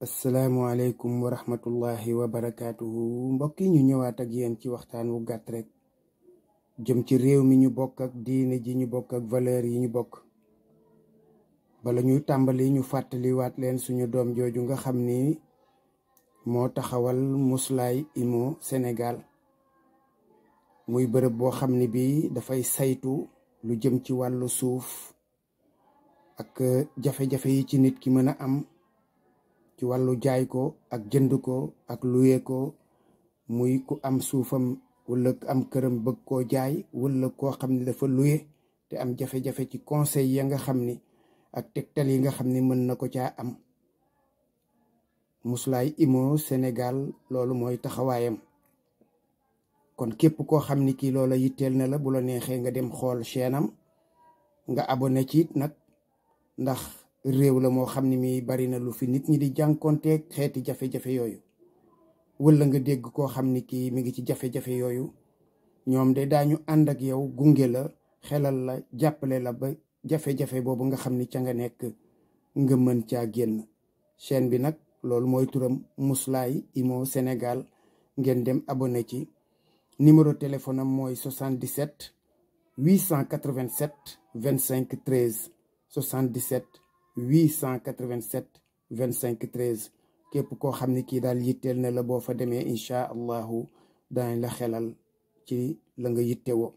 asalaamualeykum wa rahmatullahi wa barakaatu mbokk yi ñu ñëwaat ak yéen ci waxtaan wu gàtt rek jëm ci réew mi ñu bokk ak diine ji ñu bokk ak valeur yi ñu bokk bala ñuy tàmbali ñu fàttaliwaat leen suñu doom jooju nga xam ni moo taxawal muslaay imo Sénégal muy bërëb boo xam ni bii dafay saytu lu jëm ci wàllu suuf ak jafe-jafe yi ci nit ki mën a am ci wàllu jaay ko ak jënd ko ak luye ko muy ku am suufam wala am këram bëgg koo jaay wala koo xam ne dafa luye te am jafe-jafe ci conseil ya nga xam ni ak tegtal yi nga xam ni mën na ko caa am musulaay imo senegal loolu mooy taxawaayam kon képp koo xam ni kii loola yitteel na la bu la neexee nga dem xool chaîne nga abonné ci it nag ndax réew la moo xam ne mi bari na lu fi nit ñi di jànkonteeg xeeti jafe-jafe yooyu wala nga dégg koo xam ni kii mi ngi ci jafe-jafe yooyu ñoom de daañu ànd ak yow gunge la xelal la jàppale la ba jafe-jafe boobu nga xam ni ca nga nekk nga mën caa génn chaîne bi nag loolu mooy turam Mousslaye Imo Sénégal ngeen dem abonné ci numéro téléphone am mooy 77 887 25 13 77 887 25 13 képp koo xam ne kii daal yitteel na la boo fa demee incha allahu daañ la xelal ci la nga wo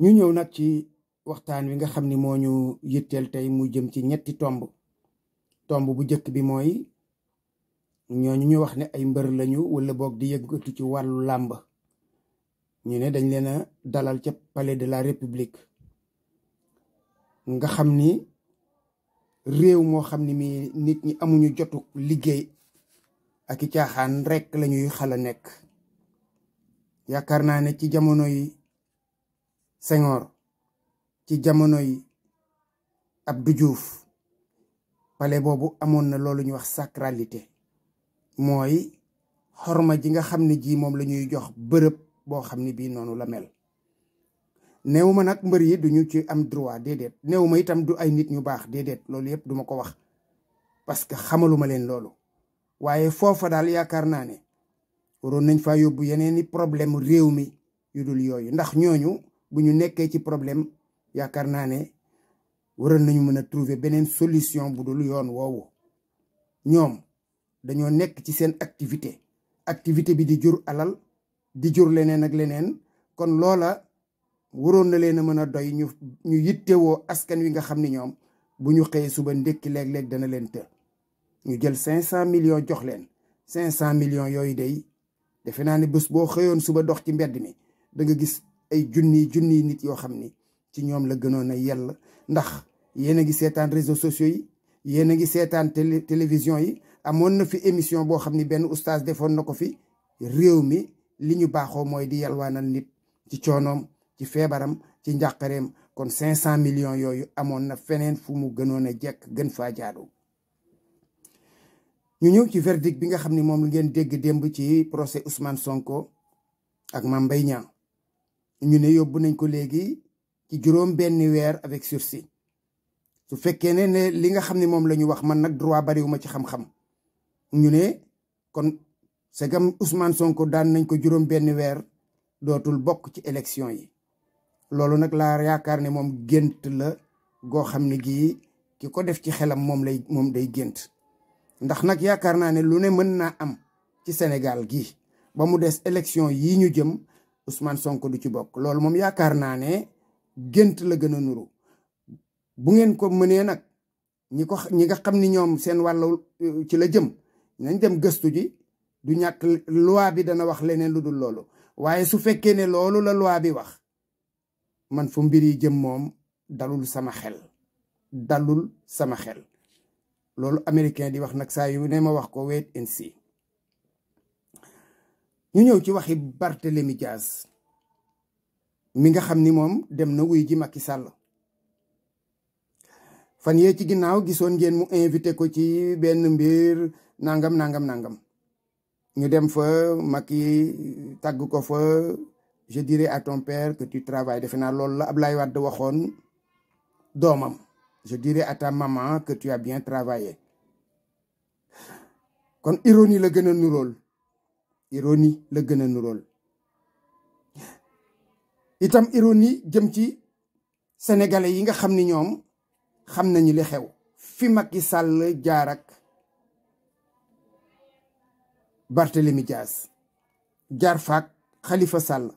ñu ñëw nag ci waxtaan wi nga xam ni moo ñu yitteel tey mu jëm ci ñetti tomb tomb bu njëkk bi mooy ñooñu ñu wax ne ay mbër lañu wala boog di yëggatu ci wàllu làmb ñu ne dañ leen a dalal ca palais de la république nga xam ni réew moo xam ni mii nit ñi amuñu jotu liggéey ak i caaxaan rek lañuy ñuy xala nekk yaakaar naa ne ci jamono yi Senghor ci jamono yi Abdou Diouf palais boobu amoon na loolu ñuy wax sacralité mooy xorma ji nga xam ne ji moom la ñuy jox bërëb boo xam ni bii noonu la mel néew ma nag mbër yi duñu ci am droit déedéet néew ma itam du ay nit ñu baax déedéet loolu yëpp duma ko wax parce que xamaluma leen loolu waaye foofa daal yaakaar naa ne waroon nañ faa yóbbu yeneen i problème réew mi yu dul yooyu ndax ñooñu bu ñu nekkee ci problème yaakaar naa ne waroon nañu mën a trouver beneen solution bu dul yoon woowu ñoom dañoo nekk ci seen activité activité bi di jur alal di jur leneen ak leneen kon loola waroon na leen a mën a doy ñu ñu yittewoo askan wi nga xam ni ñoom bu ñu xëyee suba ndekki léeg-léeg dana leen të ñu jël cinq cent millions jox leen cinq cent millions yooyu day defe naa ne bés boo xëyoon suba dox ci mbedd mi da nga gis ay junni junni nit yoo xam ni ci ñoom la gënoon a yell ndax yéen a ngi seetaan réseaux sociaux yi yéen a ngi seetaan télé télévision yi amoon na fi émission boo xam ni benn oustaz defoon na ko fi réew mi li ñu baaxoo mooy di yalwaanal nit ci coonoom ci feebaram ci njàqareem kon cinq cent millions yooyu amoon na feneen fu mu gënoon a jekk gën faa jaadu ñu ñëw ci verdict bi nga xam ni moom ngeen dégg démb ci procès Ousmane Sonko ak Mame Mbaye Niang ñu ne yóbbu nañ ko léegi ci juróom weer avec su fekkee ne ne li nga xam ne moom la wax man nag droit bariwuma ci xam-xam ñu ne kon segam Ousmane Sonko daan nañ ko juróom benn weer dootul bokk ci élection yi loolu nag laa yaakaar ne moom gént la goo xam ne gii ki ko def ci xelam moom lay moom day gént ndax nag yaakaar naa ne lu ne mën naa am ci Sénégal gi ba mu des élection yii ñu jëm Ousmane sonk du ci bokk loolu moom yaakaar naa ne gént la gën a nuru bu ngeen ko mënee nag ñi ko ñi nga xam ni ñoom seen wàll euh, ci la jëm nañ dem gëstu ji du ñàkk loi bi dana wax leneen lu dul loolu waaye su fekkee ne loolu la loi bi wax man fu mbir yi jëm moom dalul sama xel dalul sama xel loolu américain di wax nag saa yu ne ma wax ko wait and see ñu ñëw ci waxi Barthélemy Diaz mi nga xam ni moom dem na wuy ji Macky Sall fan yee ci ginnaaw gisoon ngeen mu invité ko ci benn mbir nangam nangam nangam ñu dem fa Macky tàgg ko fa je dirai à ton père que tu travailles defe naa loolu la Ablaye Wade waxoon doomam je dirai à ta maman que tu as bien travaillé kon ironie la gën a nuróol ironie la gën a nuróol itam ironie jëm ci sénégalais yi nga xam ni ñoom xam nañu li xew fi Macky Sall jaar ak Barthélémy Dias jaar faak Khalifa Sall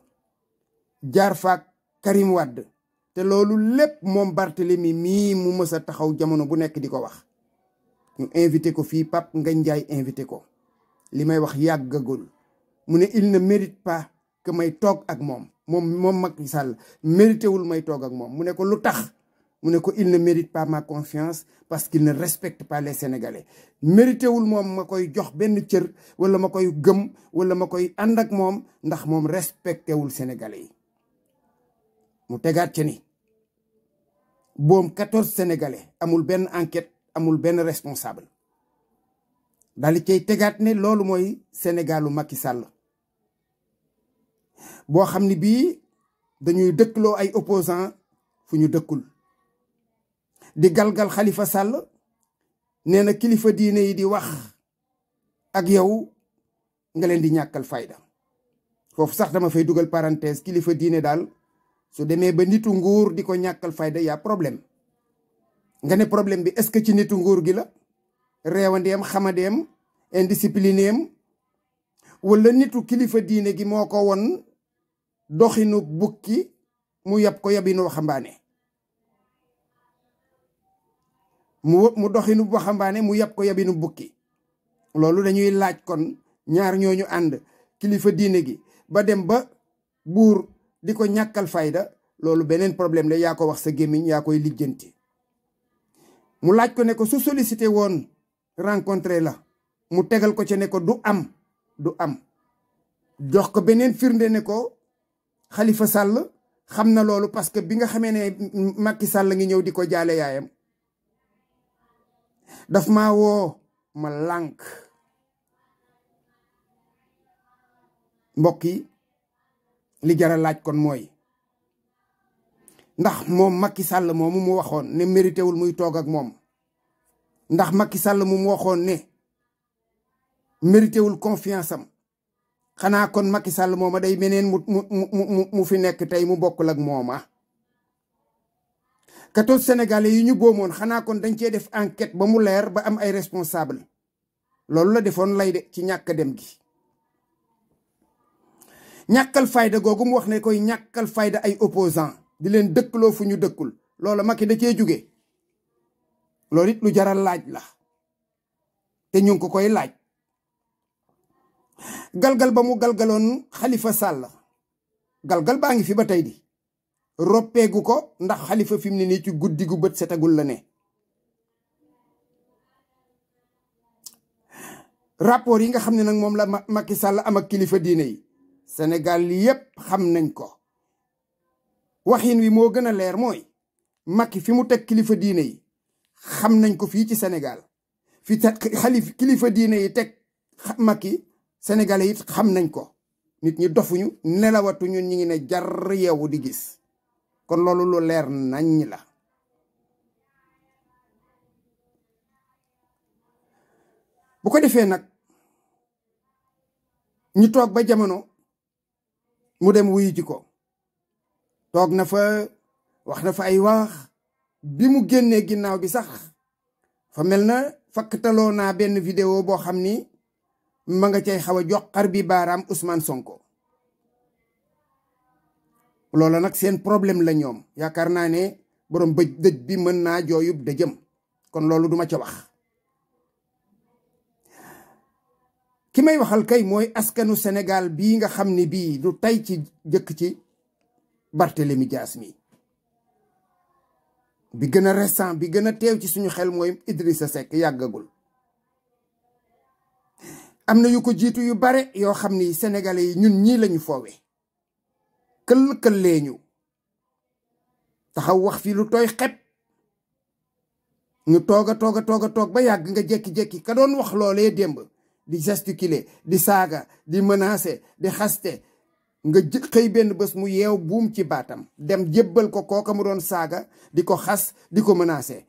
jaar faak Karim Wade te loolu lépp moom Barthélemy mii mu mës taxaw jamono bu nekk di ko wax ñu invité ko fii Pape nga njaay invité ko li may wax yàggagul mu ne il ne mérite pas que may toog ak moom moom moom Macky Sall mérité wul may toog ak moom mu ne ko lu tax mu ne ko il ne mérite pas ma confiance parce qu'il ne respecte pas les Sénégalais mérité wul moom ma koy jox benn cër wala ma koy gëm wala ma koy ànd ak moom ndax moom respecté wul Sénégalais yi mu tegaat ca ni boom quatorze sénégalais amul benn enquête amul benn responsable dali cay tegaat ni loolu mooy sénégalu makki sàll boo xam ni bii dañuy dëkkloo ay opposants fu ñu dëkkul di galgal xalifa sàll nee na kilifa diine yi di wax ak yow nga leen di ñàkkal fayda foofu sax dama fay dugal parenthèse kilifa diine daal su demee ba nitu nguur di ko ñàkkal fayda yaa problème nga ne problème bi est-ce que ci nitu nguur gi la réewandeem xamadeem indisciplinéem wala nitu kilifa diine gi moo ko won doxinu bukki mu yab ko yabinu waxambaane mu mu doxinu waxambaane mu yab ko yabinu bukki loolu dañuy laaj kon ñaar ñooñu ànd kilifa diine gi ba dem ba buur di ko ñàkkal fayda loolu beneen problème la yaa ko wax sa gémmiñ yaa koy lijjanti mu laaj ko ne ko su sollicité woon rencontré la mu tegal ko ci ne ko du am du am jox ko beneen firnde ne ko Khalifa Sall xam na loolu parce que bi nga xamee ne makki Sall ngi ñëw di ko jaale yaayam daf maa woo ma lànk mbokk yi li jara laaj kon mooy ndax moom Macky Sall moomu mu waxoon ne mérité wul muy toog ak moom ndax Macky Sall mu mu waxoon ne mérité wul confiance am xanaa kon Macky Sall mooma day meneen mu mu mu mu fi nekk tey mu bokkul ak mooma. 14 sénégalais yi ñu boomoon xanaa kon dañ cee def enquête ba mu leer ba am ay responsable loolu la defoon lay de ci ñàkk dem gi. ñàkkal fayda googu mu wax ne koy ñàkkal fayda ay opposant di leen dëkkaloo fu ñu dëkkul loola Macky da cee jóge loolu it lu jaral laaj la te ñu ko koy laaj galgal ba mu galgaloon xalifa Sall galgal baa ngi fi ba tey di roppeegu ko ndax xalifa fi mu ne nii ci guddi gu bët setagul la ne rapport yi nga xam ne nag moom la Macky Sall am ak kilifa diine yi Sénégal yépp xam nañ ko waxin wi moo gën a leer mooy makki fi mu teg kilifa diine yi xam nañ ko fii ci Sénégal fi te xalif kilifa diine yi teg Macky sénégalais it xam nañ ko nit ñi dofuñu nelawatu ñun ñi ngi ne jar yeewu di gis kon loolu lu leer nañ la bu ko defee nag ñu toog ba jamono mu dem wuyu ji ko toog na fa wax na fa ay wax bi mu génnee ginnaaw gi sax fa mel na fakktaloo naa benn vidéo boo xam ni ma nga cay xaw a jox xar bi baaraam Ousmane Sonko loola nag seen problème la ñoom yaakaar naa ne boroom bëj dëj bi mën naa jooyub dëjëm kon loolu duma ca wax ki may waxal kay mooy askanu senegal bii nga xam ne bii du tay ci jëkk ci Barthélemy Dias mi bi gën a récent bi gën a teew ci suñu xel mooy Idrissa Seck yàggagul am na yu ko jiitu yu bare yoo xam ni sénégalais yi ñun ñii lañu foowe këll-këllee ñu taxaw wax fii lu tooy xepp ñu toog a toog a toog a toog ba yàgg nga jekki-jekki ka doon wax loolee démb di gesticuler di saaga di menacer di xaste nga xëy benn bés mu yeew buum ci baatam dem jébbal ko kooka mu doon saaga di ko xas di ko menacer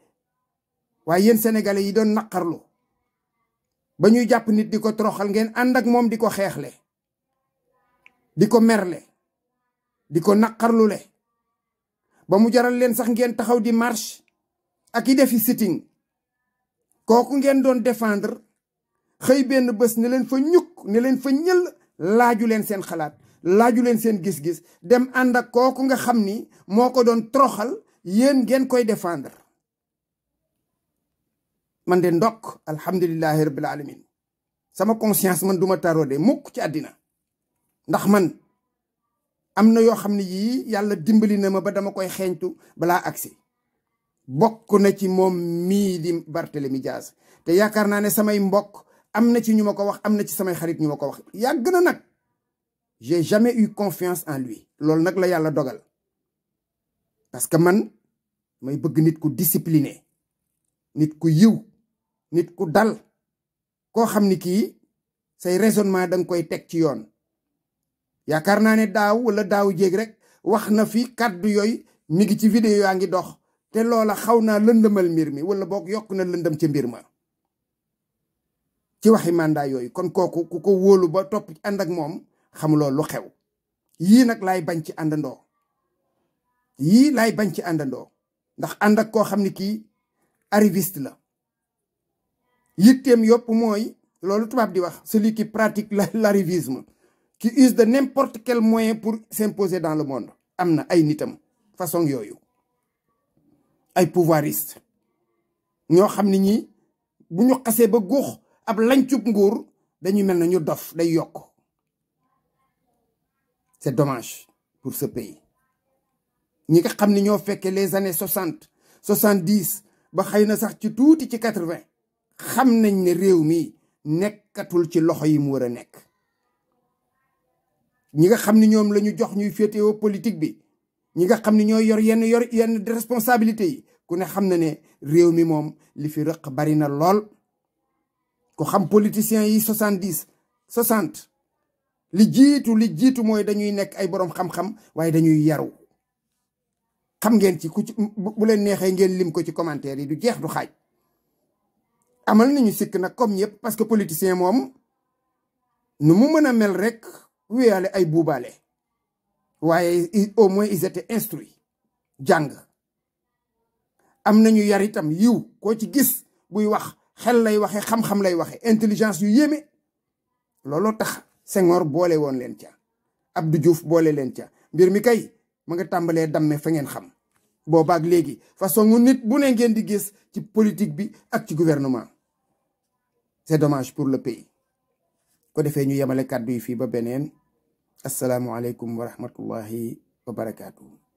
waaye yéen sénégalais yi doon naqarlu ba ñuy jàpp nit di ko troxal ngeen ànd ak moom di ko xeexle di ko merle di ko naqarlule ba mu jaral leen sax ngeen taxaw di marche ak i defi sitting kooku ngeen doon défendre xëy benn bés ne leen fa ñukk ne leen fa ñël laaju leen seen xalaat laaju leen seen gis-gis dem ànd ak kooku nga xam ni moo ko doon troxal yéen ngeen koy défendre man de ndokk alhamdulilahi rabbil alamin sama conscience man duma de mukk ci àddina ndax man am na yoo xam ne yii yàlla dimbali na ma ba dama koy xeeñtu balaa agsi bokk na ci moom mii di Barthélemy Dias te yaakaar naa ne samay mbokk am na ci ñu ma ko wax am na ci samay xarit ñu ma ko wax yàgg na nag j'ai jamais eu confiance en lui loolu nag la yàlla dogal parce que man may bëgg nit ku discipliné nit ku yiw nit ku dal koo xam ni kii say raisonnement da nga koy teg ci yoon yaakaar naa ne daaw wala daaw jéeg rek wax na fi kàddu yooyu mi ngi ci vidéo yaa ngi dox te loola xaw naa lëndëmal mbir mi wala boog yokk na lëndëm ci mbir ma ci waxi mandat yooyu kon kooku ku ko wóolu ba topp ànd ak moom xamuloo lu xew yii nag laay bañ ci àndandoo yii laay bañ ci àndandoo ndax ànd ak koo xam ne kii arriviste la yitteem yëpp mooy loolu tubaab di wax celui qui pratique la l'arrivisme qui use de n'importe quel moyen pour s'imposer dans le monde am na ay nitam façon yooyu ay pouvoiriste ñoo xam ne ñi bu ñu xasee ba guux ab lancub nguur dañu mel na ñu dof day yokk c'est dommage pour ce pays ñi nga xam ne ñoo fekkee les années soixante soixante dix ba xëy na sax ci tuuti ci quatre vingt xam nañ ne réew mi nekkatul ci loxo yi mu war a nekk ñi nga xam ne ñoom lañu jox ñuy féetewoo politique bi ñi nga xam ne ñoo yor yenn yor responsabilité yi ku ne xam na ne réew mi moom li fi rëq bari na lool ku xam politiciens yi soixante dix soixante li jiitu li jiitu mooy dañuy nekk ay boroom xam-xam waaye dañuy yaru xam ngeen ci ku ci leen neexee ngeen lim ko ci commentaire yi du jeex du xaaj amal nañu sikk na comme ñëpp parce que politicien moom nu mu mën a mel rek wéyaale ay buubaale waaye au moins ils étaient instruits jàng am nañu yar itam yiw koo ci gis buy wax xel lay waxe xam-xam lay waxe intelligence yu yéeme looloo tax Senghor boole woon leen ca Abdou Diouf boole leen ca mbir mi kay mu nga tàmbalee damme fa ngeen xam boobaak léegi façon nit bu ne ngeen di gis ci politique bi ak ci gouvernement c'est dommage pour le pays ko defee ñu yemale kàddu yi fii ba beneen asalaamualeykum wa rahmatullahi wa barakaatu.